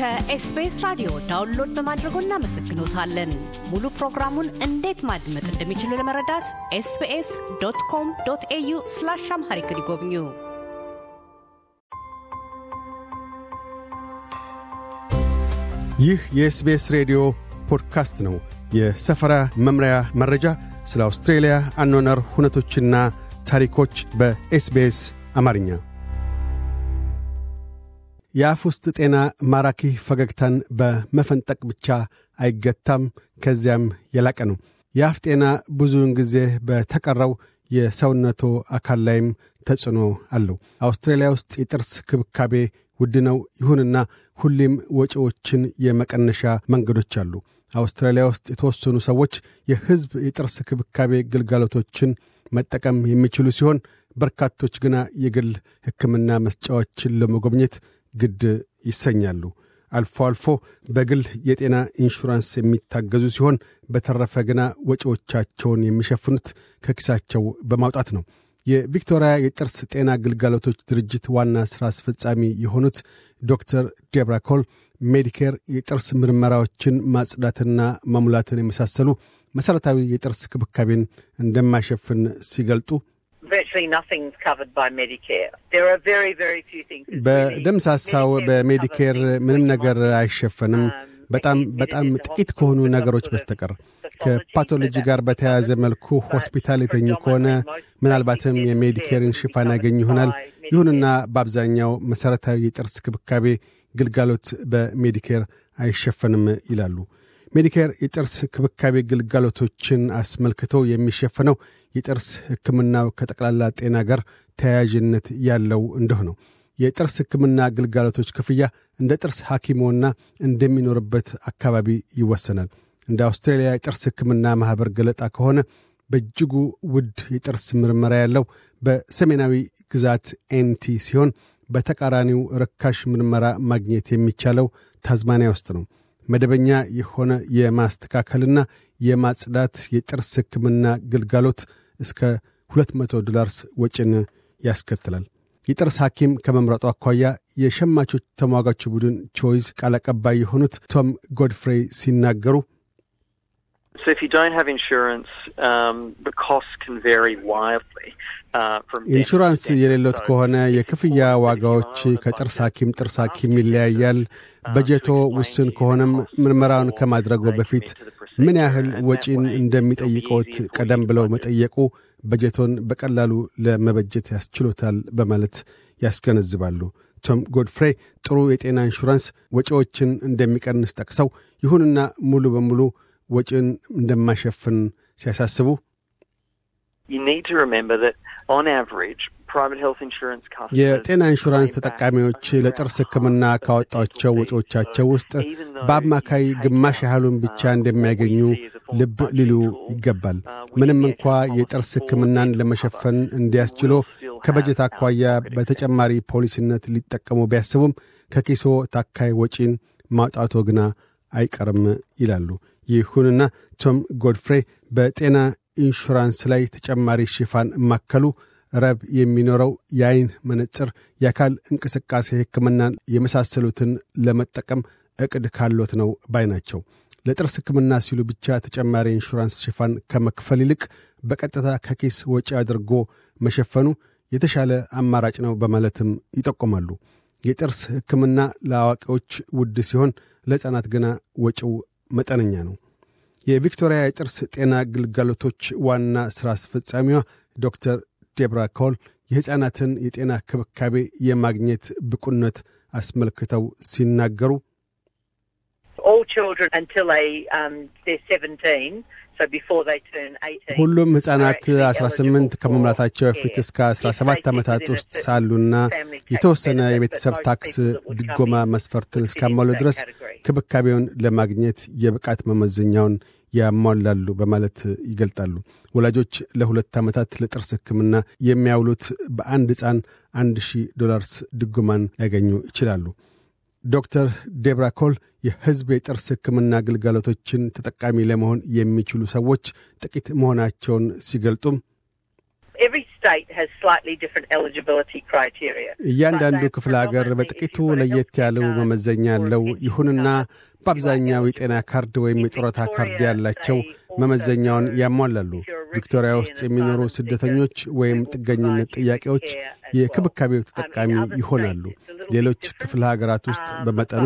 ከኤስቢኤስ ራዲዮ ዳውንሎድ በማድረጎ እናመሰግኖታለን። ሙሉ ፕሮግራሙን እንዴት ማድመጥ እንደሚችሉ ለመረዳት ኤስቢኤስ ዶት ኮም ዶት ኤዩ ስላሽ አምሃሪክ ይጎብኙ። ይህ የኤስቢኤስ ሬዲዮ ፖድካስት ነው። የሰፈራ መምሪያ መረጃ፣ ስለ አውስትሬልያ አኗኗር ሁነቶችና ታሪኮች በኤስቢኤስ አማርኛ የአፍ ውስጥ ጤና ማራኪ ፈገግታን በመፈንጠቅ ብቻ አይገታም፣ ከዚያም የላቀ ነው። የአፍ ጤና ብዙውን ጊዜ በተቀረው የሰውነቶ አካል ላይም ተጽዕኖ አለው። አውስትራሊያ ውስጥ የጥርስ ክብካቤ ውድ ነው። ይሁንና ሁሌም ወጪዎችን የመቀነሻ መንገዶች አሉ። አውስትራሊያ ውስጥ የተወሰኑ ሰዎች የሕዝብ የጥርስ ክብካቤ ግልጋሎቶችን መጠቀም የሚችሉ ሲሆን በርካቶች ግና የግል ሕክምና መስጫዎችን ለመጎብኘት ግድ ይሰኛሉ። አልፎ አልፎ በግል የጤና ኢንሹራንስ የሚታገዙ ሲሆን በተረፈ ግና ወጪዎቻቸውን የሚሸፍኑት ከኪሳቸው በማውጣት ነው። የቪክቶሪያ የጥርስ ጤና ግልጋሎቶች ድርጅት ዋና ሥራ አስፈጻሚ የሆኑት ዶክተር ዴብራኮል ሜዲኬር የጥርስ ምርመራዎችን ማጽዳትና መሙላትን የመሳሰሉ መሠረታዊ የጥርስ ክብካቤን እንደማይሸፍን ሲገልጡ በደምሳሳው በሜዲኬር ምንም ነገር አይሸፈንም um, በጣም በጣም ጥቂት ከሆኑ ነገሮች በስተቀር ከፓቶሎጂ ጋር በተያያዘ መልኩ ሆስፒታል የተኙ ከሆነ ምናልባትም የሜዲኬርን ሽፋን ያገኝ ይሆናል። ይሁንና በአብዛኛው መሠረታዊ የጥርስ ክብካቤ ግልጋሎት በሜዲኬር አይሸፈንም ይላሉ። ሜዲኬር የጥርስ ክብካቤ ግልጋሎቶችን አስመልክቶ የሚሸፍነው የጥርስ ሕክምናው ከጠቅላላ ጤና ጋር ተያያዥነት ያለው ነው። የጥርስ ሕክምና ግልጋሎቶች ክፍያ እንደ ጥርስ ሐኪሞና እንደሚኖርበት አካባቢ ይወሰናል። እንደ አውስትራሊያ የጥርስ ሕክምና ማኅበር ገለጣ ከሆነ በእጅጉ ውድ የጥርስ ምርመራ ያለው በሰሜናዊ ግዛት ኤንቲ ሲሆን በተቃራኒው ርካሽ ምርመራ ማግኘት የሚቻለው ታዝማኒያ ውስጥ ነው። መደበኛ የሆነ የማስተካከልና የማጽዳት የጥርስ ሕክምና ግልጋሎት እስከ 200 ዶላርስ ወጪን ያስከትላል። የጥርስ ሐኪም ከመምረጡ አኳያ የሸማቾች ተሟጋቹ ቡድን ቾይዝ ቃል አቀባይ የሆኑት ቶም ጎድፍሬይ ሲናገሩ So if you don't have insurance, um, the costs can vary wildly. Uh, ኢንሹራንስ የሌሎት ከሆነ የክፍያ ዋጋዎች ከጥርስ ሐኪም ጥርስ ሐኪም um, ይለያያል። uh, በጀቶ ውስን ከሆነም ምርመራውን ከማድረጎ በፊት ምን ያህል ወጪን እንደሚጠይቀውት ቀደም ብለው መጠየቁ በጀቶን በቀላሉ ለመበጀት ያስችሎታል በማለት ያስገነዝባሉ። ቶም ጎድፍሬ ጥሩ የጤና ኢንሹራንስ ወጪዎችን እንደሚቀንስ ጠቅሰው ይሁንና ሙሉ በሙሉ ወጪን እንደማይሸፍን ሲያሳስቡ የጤና ኢንሹራንስ ተጠቃሚዎች ለጥርስ ሕክምና ካወጣቸው ወጪዎቻቸው ውስጥ በአማካይ ግማሽ ያህሉን ብቻ እንደሚያገኙ ልብ ሊሉ ይገባል። uh, ምንም እንኳ የጥርስ ሕክምናን ለመሸፈን እንዲያስችሎ ከበጀት አኳያ በተጨማሪ ፖሊሲነት ሊጠቀሙ ቢያስቡም ከኪሶ ታካይ ወጪን ማውጣቶ ግና አይቀርም ይላሉ። ይሁንና ቶም ጎድፍሬ በጤና ኢንሹራንስ ላይ ተጨማሪ ሽፋን ማከሉ ረብ የሚኖረው የአይን መነጽር፣ የአካል እንቅስቃሴ ሕክምናን የመሳሰሉትን ለመጠቀም እቅድ ካሎት ነው ባይ ናቸው። ለጥርስ ሕክምና ሲሉ ብቻ ተጨማሪ ኢንሹራንስ ሽፋን ከመክፈል ይልቅ በቀጥታ ከኪስ ወጪ አድርጎ መሸፈኑ የተሻለ አማራጭ ነው በማለትም ይጠቁማሉ። የጥርስ ሕክምና ለአዋቂዎች ውድ ሲሆን ለሕፃናት ግና ወጪው መጠነኛ ነው። የቪክቶሪያ የጥርስ ጤና ግልጋሎቶች ዋና ሥራ አስፈጻሚዋ ዶክተር ዴብራ ኮል የሕፃናትን የጤና ክብካቤ የማግኘት ብቁነት አስመልክተው ሲናገሩ Um, ሁሉም ህጻናት 18 ከመሙላታቸው በፊት እስከ 17 ዓመታት ውስጥ ሳሉና የተወሰነ የቤተሰብ ታክስ ድጎማ መስፈርትን እስካሟሉ ድረስ ክብካቤውን ለማግኘት የብቃት መመዘኛውን ያሟላሉ በማለት ይገልጣሉ። ወላጆች ለሁለት ዓመታት ለጥርስ ሕክምና የሚያውሉት በአንድ ሕፃን 1 ሺህ ዶላርስ ድጎማን ያገኙ ይችላሉ። ዶክተር ዴብራ ኮል የሕዝብ የጥርስ ሕክምና ግልጋሎቶችን ተጠቃሚ ለመሆን የሚችሉ ሰዎች ጥቂት መሆናቸውን ሲገልጡም እያንዳንዱ ክፍለ ሀገር በጥቂቱ ለየት ያለው መመዘኛ አለው። ይሁንና በአብዛኛው የጤና ካርድ ወይም የጡረታ ካርድ ያላቸው መመዘኛውን ያሟላሉ። ቪክቶሪያ ውስጥ የሚኖሩ ስደተኞች ወይም ጥገኝነት ጥያቄዎች የክብካቤው ተጠቃሚ ይሆናሉ። ሌሎች ክፍለ ሀገራት ውስጥ በመጠኑ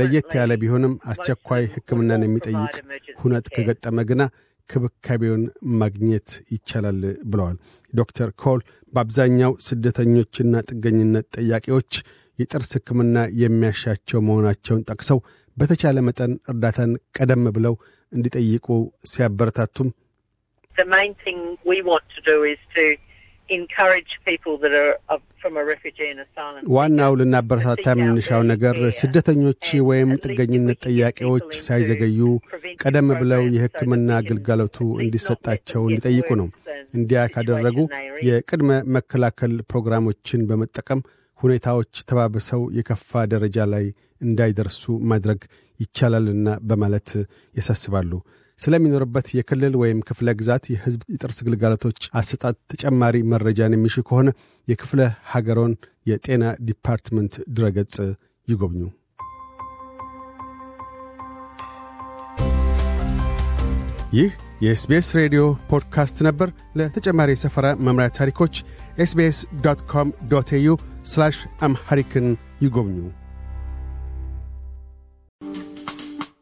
ለየት ያለ ቢሆንም አስቸኳይ ህክምናን የሚጠይቅ ሁነት ከገጠመ ግና ክብካቤውን ማግኘት ይቻላል ብለዋል ዶክተር ኮል። በአብዛኛው ስደተኞችና ጥገኝነት ጠያቄዎች የጥርስ ህክምና የሚያሻቸው መሆናቸውን ጠቅሰው በተቻለ መጠን እርዳታን ቀደም ብለው እንዲጠይቁ ሲያበረታቱም the main thing we want to do is to ዋናው ልናበረታታ የምንሻው ነገር ስደተኞች ወይም ጥገኝነት ጥያቄዎች ሳይዘገዩ ቀደም ብለው የሕክምና አገልጋሎቱ እንዲሰጣቸው እንዲጠይቁ ነው። እንዲያ ካደረጉ የቅድመ መከላከል ፕሮግራሞችን በመጠቀም ሁኔታዎች ተባብሰው የከፋ ደረጃ ላይ እንዳይደርሱ ማድረግ ይቻላልና በማለት ያሳስባሉ። ስለሚኖርበት የክልል ወይም ክፍለ ግዛት የህዝብ የጥርስ ግልጋሎቶች አሰጣት ተጨማሪ መረጃን የሚሹ ከሆነ የክፍለ ሀገሮን የጤና ዲፓርትመንት ድረገጽ ይጎብኙ። ይህ የኤስቤስ ሬዲዮ ፖድካስት ነበር። ለተጨማሪ የሰፈራ መምሪያ ታሪኮች ኤስቤስ ዶት ኮም ዶት ኤዩ አምሐሪክን ይጎብኙ።